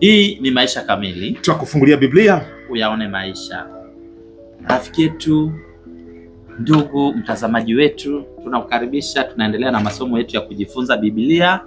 Hii ni Maisha Kamili, tunakufungulia Biblia uyaone maisha. Rafiki yetu, ndugu mtazamaji wetu, tunakukaribisha. Tunaendelea na masomo yetu ya kujifunza Biblia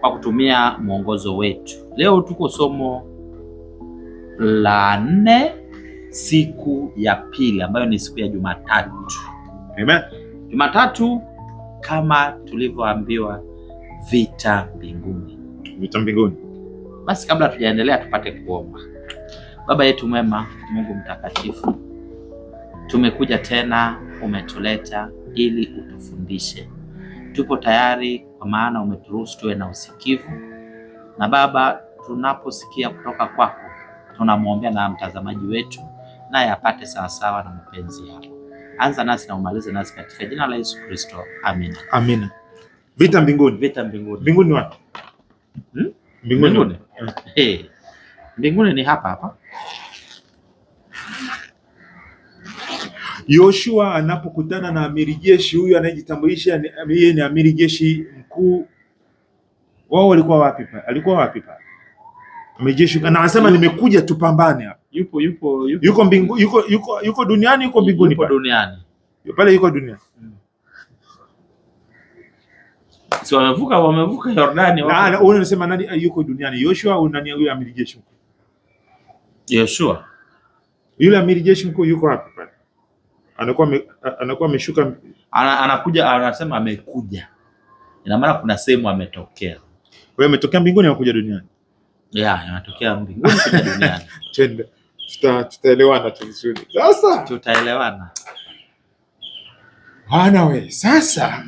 kwa kutumia mwongozo wetu. Leo tuko somo la nne, siku ya pili, ambayo ni siku ya Jumatatu. Amen. Jumatatu kama tulivyoambiwa, vita mbinguni, vita mbinguni basi kabla tujaendelea, tupate kuomba. Baba yetu mwema, Mungu mtakatifu, tumekuja tena, umetuleta ili utufundishe. Tupo tayari, kwa maana umeturuhusu tuwe na usikivu. Na Baba, tunaposikia kutoka kwako, tunamwombea na mtazamaji wetu, naye apate sawasawa na mapenzi yako. Anza nasi na umalize nasi katika jina la Yesu Kristo, amina. Amina. Vita mbinguni, vita mbinguni. Mbinguni wapi? Hmm? Mbinguni. Mbinguni mbinguni ni hapa hapa. Yoshua anapokutana na amiri jeshi huyu anayejitambulisha yeye ni amiri jeshi mkuu wao, walikuwa wapi pa? Alikuwa wapi pa? Amejeshi na anasema nimekuja tupambane hapa. Yupo yupo yuko mbingu yuko yuko duniani yuko mbinguni Yuko duniani. Yuko mm. duniani. Si wamevuka wamevuka Yordani wao. Na wewe unasema nani yuko duniani? Yoshua au nani yule amiri jeshi mkuu? Yoshua. Yule amiri jeshi mkuu yuko hapa pale? Anakuwa anakuwa ameshuka ana, anakuja anasema amekuja. Ina maana kuna sehemu ametokea. Wewe umetokea mbinguni au kuja duniani? Yeah, anatokea mbinguni kuja duniani. Tenda. Tuta, tutaelewana vizuri. Sasa tutaelewana. Hana we, sasa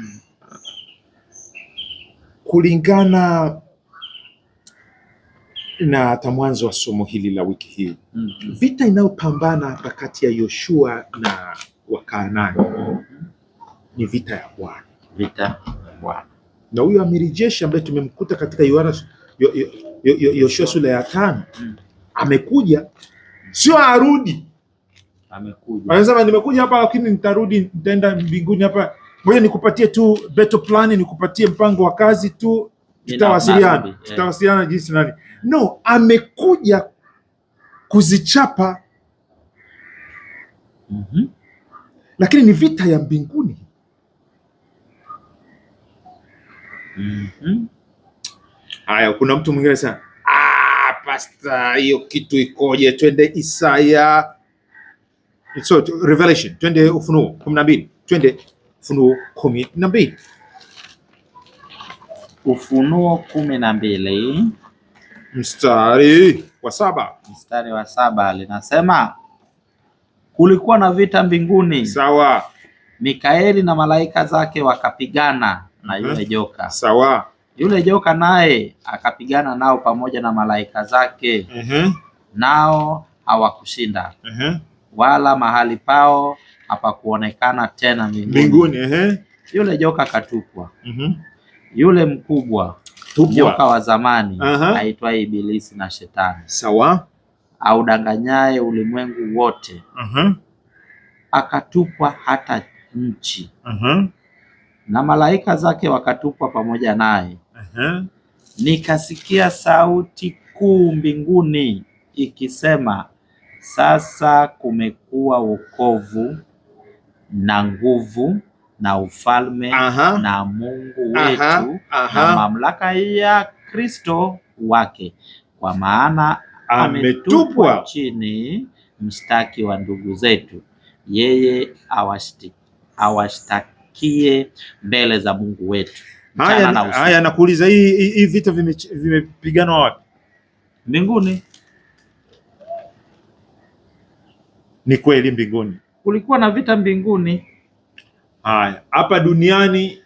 kulingana na hata mwanzo wa somo hili la wiki hii mm -hmm. Vita inayopambana hapa kati ya Yoshua na -hmm. ni vita ya Bwana, vita ya Bwana. Na huyo amiri jeshi ambaye tumemkuta katika Yoshua yo, yo, yo, yo, sura ya tano mm. Amekuja sio arudi, amekuja anasema nimekuja hapa lakini nitarudi, nitaenda mbinguni hapa kwa hiyo nikupatie tu battle plan, nikupatie mpango wa kazi tu, tutawasiliana eh. tutawasiliana jinsi nani. No, amekuja kuzichapa mm -hmm. Lakini ni vita ya mbinguni mm -hmm. Haya, kuna mtu mwingine sana ah, pasta hiyo kitu ikoje? Twende Isaya, it's so, Revelation, twende Ufunuo kumi na mbili twende Ufunuo kumi na mbili. Ufunuo kumi na mbili mstari wa saba. Mstari wa saba linasema kulikuwa na vita mbinguni. Sawa. Mikaeli na malaika zake wakapigana na yule joka. Sawa. Yule joka naye akapigana nao pamoja na malaika zake. -huh. Nao hawakushinda. -huh. Wala mahali pao hapakuonekana tena mbinguni. Ehe, yule joka katupwa. mm-hmm. Yule mkubwa Tupwa. joka wa zamani aitwa Ibilisi na Shetani, sawa, audanganyaye ulimwengu wote. -huh. Akatupwa hata nchi. -huh. na malaika zake wakatupwa pamoja naye. Nikasikia sauti kuu mbinguni ikisema, sasa kumekuwa wokovu na nguvu na ufalme aha, na Mungu wetu aha, aha, na mamlaka ya Kristo wake, kwa maana ametupwa chini mstaki wa ndugu zetu, yeye awashtakie mbele za Mungu wetu. Haya, na haya nakuuliza, hii hii vita vimepiganwa vime wapi? Mbinguni. Ni kweli mbinguni kulikuwa na vita mbinguni. Haya, hapa duniani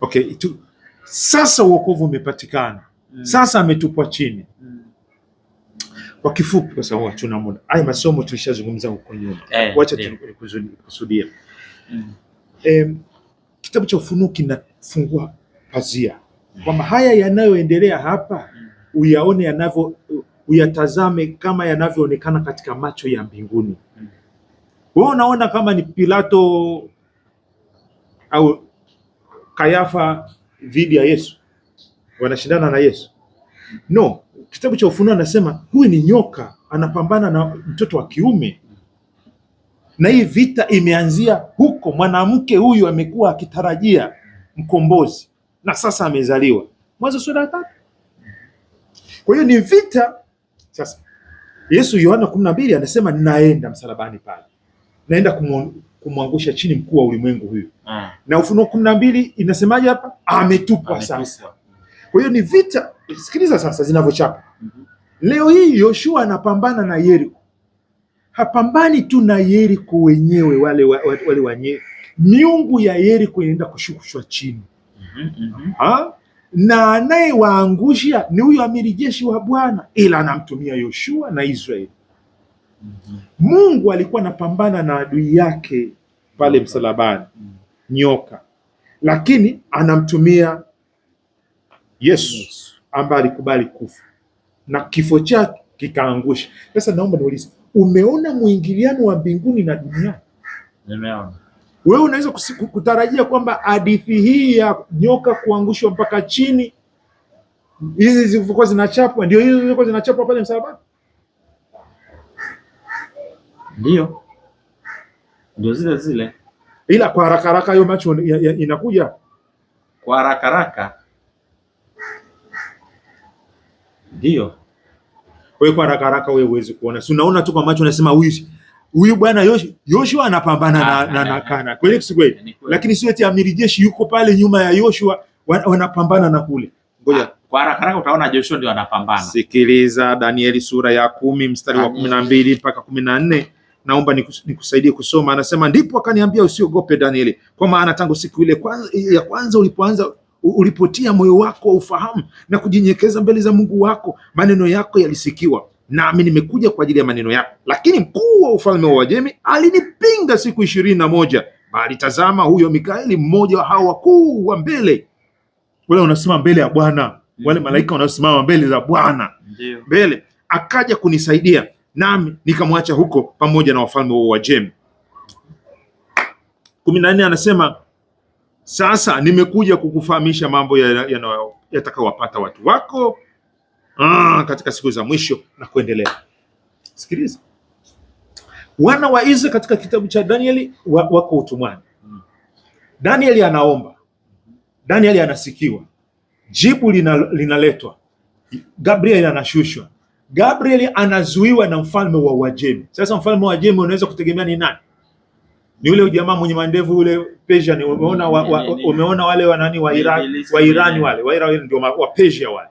okay, tu, sasa uokovu umepatikana mm. Sasa ametupwa chini mm. Kwa kifupi, kwa sababu hatuna muda, haya masomo tulishazungumza huko nyuma, eh, wacha tukusudia mm. kitabu cha Ufunuo kinafungua pazia kwamba haya yanayoendelea hapa mm. uyaone yanavyo uyatazame kama yanavyoonekana katika macho ya mbinguni. Wewe unaona kama ni Pilato au Kayafa dhidi ya Yesu, wanashindana na Yesu? No, kitabu cha Ufunuo anasema huyu ni nyoka anapambana na mtoto wa kiume, na hii vita imeanzia huko. Mwanamke huyu amekuwa akitarajia mkombozi na sasa amezaliwa, Mwanzo sura ya tatu. Kwa hiyo ni vita sasa Yesu Yohana kumi na mbili anasema naenda msalabani pale, naenda kumwangusha chini mkuu wa ulimwengu huyu mm. na Ufunuo kumi na mbili inasemaje hapa? Ametupwa sasa. Kwa hiyo ni vita, sikiliza sasa zinavyochapa mm -hmm. Leo hii Yoshua anapambana na Yeriko, hapambani tu na Yeriko wenyewe wale wale wanyewe, miungu ya Yeriko inaenda kushukushwa chini mm -hmm, ha? na anayewaangusha ni huyo amiri jeshi wa Bwana, ila anamtumia Yoshua na Israeli. Mungu alikuwa anapambana na adui yake pale msalabani, nyoka, lakini anamtumia Yesu ambaye alikubali kufa na kifo chake kikaangusha. Sasa naomba niulize, umeona mwingiliano wa mbinguni na dunia? Nimeona. Wewe unaweza kutarajia kwamba hadithi hii ya nyoka kuangushwa mpaka chini, hizi zilikuwa zinachapwa, ndio hizo zilizokuwa zinachapwa pale msalabani? Ndio, ndio zile zile, ila kwa haraka haraka hiyo macho inakuja kwa haraka haraka, ndio wewe, kwa haraka haraka wewe huwezi kuona, si unaona tu kwa macho, unasema huyu huyu bwana Yoshua anapambana na, ah, na, na ah, ah. Kana kweli kweli? Lakini sio eti amiri jeshi yuko pale nyuma ya Yoshua, wanapambana na kule. Ngoja kwa haraka haraka utaona Yoshua ndio anapambana. Sikiliza Danieli sura ya kumi mstari wa kumi na mbili mpaka kumi na nne naomba nikusaidie kusoma. Anasema, ndipo akaniambia usiogope Danieli, kwa maana tangu siku ile kwanza, ya kwanza ulipoanza ulipotia moyo wako ufahamu na kujinyekeza mbele za Mungu wako, maneno yako yalisikiwa nami nimekuja kwa ajili ya maneno yako. Lakini mkuu wa ufalme wa Uajemi alinipinga siku ishirini na moja, bali tazama, huyo Mikaeli, mmoja wa hao wakuu wa mbele wale wanasimama mbele ya Bwana, wale malaika wanaosimama mbele za Bwana mbele, akaja kunisaidia, nami nikamwacha huko pamoja na wafalme wa Uajemi. kumi na nne anasema sasa nimekuja kukufahamisha mambo yatakaowapata ya, ya, ya watu wako mm, katika siku za mwisho na kuendelea. Sikiliza, wana wa Israeli katika kitabu cha Danieli wako utumwani. Danieli anaomba, Danieli anasikiwa, jibu linaletwa, lina Gabrieli anashushwa, Gabrieli anazuiwa na mfalme wa Uajemi. Sasa mfalme wa Uajemi unaweza kutegemea ni nani? Ni ule jamaa mwenye mandevu ule Persia, umeona wa, wa, umeona wale wanani wa Iran, wa Iran wale, wa Iran ndio wa Persia wale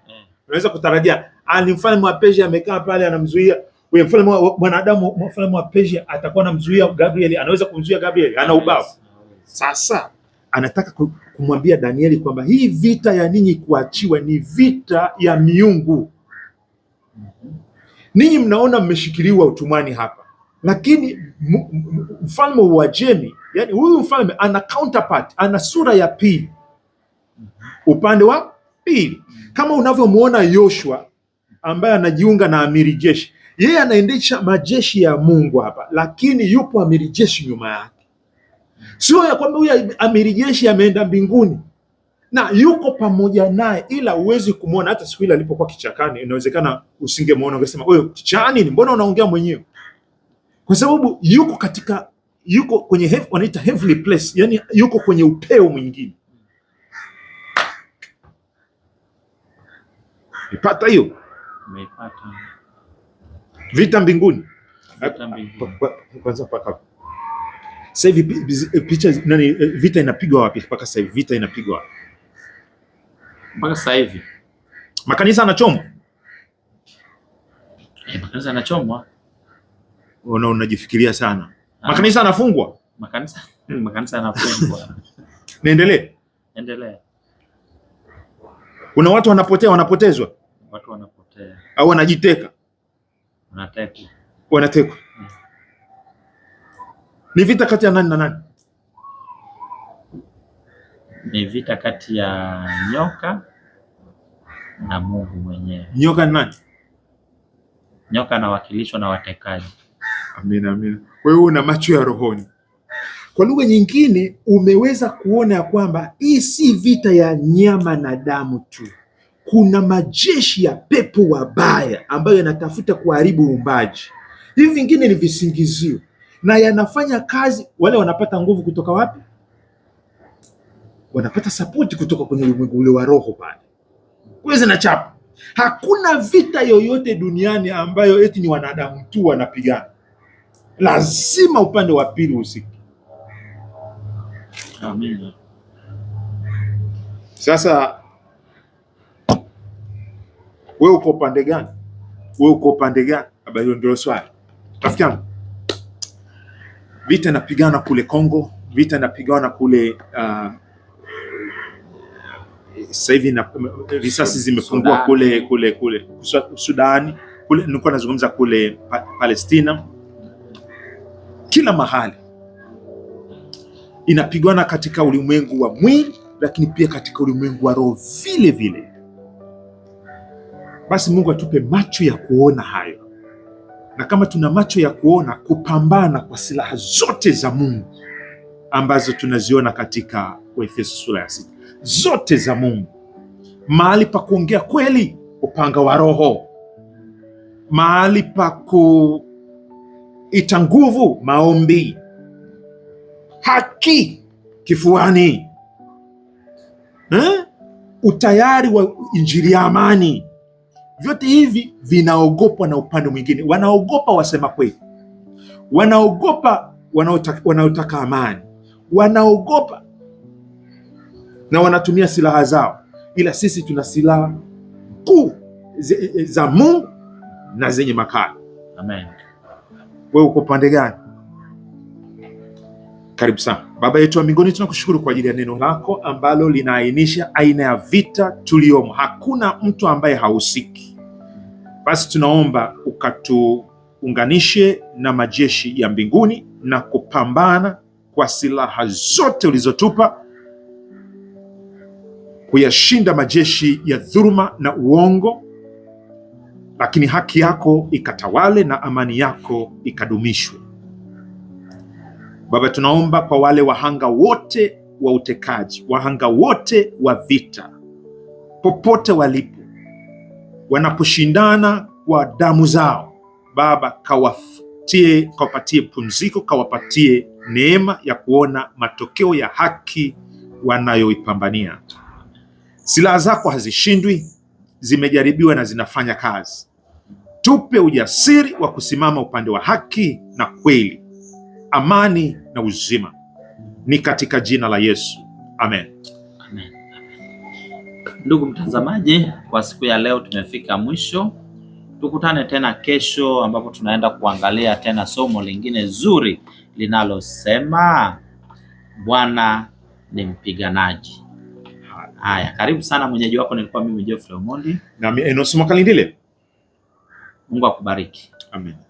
unaweza kutarajia ah, ni mfalme wa Persia amekaa pale anamzuia wewe, mfalme wa mwanadamu, mfalme wa Persia atakuwa anamzuia Gabriel, anaweza kumzuia Gabriel, ana ubavu. Sasa anataka kumwambia Danieli kwamba hii vita ya ninyi kuachiwa ni vita ya miungu. Ninyi mnaona mmeshikiliwa utumwani hapa, lakini mfalme wa Uajemi, yani huyu mfalme ana counterpart, ana sura ya pili upande wa Pili, kama unavyomwona Yoshua ambaye anajiunga na amiri jeshi, yeye anaendesha majeshi ya Mungu hapa, lakini yupo amiri jeshi nyuma yake. Sio ya kwamba huyu amiri jeshi ameenda mbinguni na yuko pamoja naye, ila huwezi kumwona. Hata siku ile alipokuwa kichakani, inawezekana usingemwona, ungesema wewe, kichani ni mbona unaongea mwenyewe? Kwa sababu yuko katika, yuko kwenye wanaita heavenly place, yani yuko kwenye upeo mwingine Nipata hiyo Umeipata. Vita mbinguni kwanza paka. sasa hivi eh, picha nani, eh, vita inapigwa wapi paka sasa hivi? Vita inapigwa wapi Paka sasa hivi? Makanisa yanachomwa, Eh, makanisa yanachomwa. Una unajifikiria sana. Ah. Makanisa yanafungwa, makanisa yanafungwa. Niendelee, endelea. Kuna watu wanapotea, wanapotezwa, watu wanapotea au wanajiteka, wanatekwa, wanatekwa. Ni vita kati ya nani na nani? Ni vita kati ya nyoka na Mungu mwenyewe. Nyoka ni nani? Nyoka anawakilishwa na watekaji. Amina, amina. Kwa hiyo una macho ya rohoni kwa lugha nyingine, umeweza kuona ya kwamba hii si vita ya nyama na damu tu, kuna majeshi ya pepo wabaya ambayo yanatafuta kuharibu uumbaji. Hivi vingine ni visingizio na yanafanya kazi. Wale wanapata nguvu kutoka wapi? Wanapata sapoti kutoka kwenye ulimwengu ule wa roho pale, kwa na chapa. Hakuna vita yoyote duniani ambayo eti ni wanadamu tu wanapigana, lazima upande wa pili usiki Amina. Sasa wewe uko upande gani? Wewe uko upande gani? Habari hiyo ndio swali. Rafiki yangu, vita inapigana kule Kongo, vita inapigana kule uh, sasa hivi risasi zimepungua kule kule kule Sudani kule, nilikuwa nazungumza kule Palestina, kila mahali inapigwana katika ulimwengu wa mwili, lakini pia katika ulimwengu wa roho vile vile. Basi Mungu atupe macho ya kuona hayo, na kama tuna macho ya kuona, kupambana kwa silaha zote za Mungu ambazo tunaziona katika Waefeso sura ya sita, zote za Mungu, mahali pa kuongea kweli, upanga wa Roho, mahali pa kuita nguvu, maombi haki kifuani eh? Utayari wa injili ya amani, vyote hivi vinaogopwa na upande mwingine. Wanaogopa wasema kweli, wanaogopa wanaotaka, wanaotaka amani, wanaogopa na wanatumia silaha zao, ila sisi tuna silaha kuu za Mungu na zenye makali. Amen. Wewe uko pande gani? Karibu sana. Baba yetu wa mbinguni, tunakushukuru kwa ajili ya neno lako ambalo linaainisha aina ya vita tuliyomo. Hakuna mtu ambaye hahusiki. Basi tunaomba ukatuunganishe na majeshi ya mbinguni na kupambana kwa silaha zote ulizotupa kuyashinda majeshi ya dhuruma na uongo, lakini haki yako ikatawale na amani yako ikadumishwe Baba, tunaomba kwa wale wahanga wote wa utekaji, wahanga wote wa vita, popote walipo, wanaposhindana kwa damu zao, Baba kawatie, kawapatie pumziko, kawapatie neema ya kuona matokeo ya haki wanayoipambania. Silaha zako hazishindwi, zimejaribiwa na zinafanya kazi. Tupe ujasiri wa kusimama upande wa haki na kweli amani na uzima, ni katika jina la Yesu, amen. Ndugu mtazamaji, kwa siku ya leo tumefika mwisho. Tukutane tena kesho, ambapo tunaenda kuangalia tena somo lingine zuri linalosema Bwana ni mpiganaji. Haya, karibu sana. Mwenyeji wako nilikuwa mimi Geoffrey Omondi na mimi Enos Makalindile. Mungu akubariki. Amen.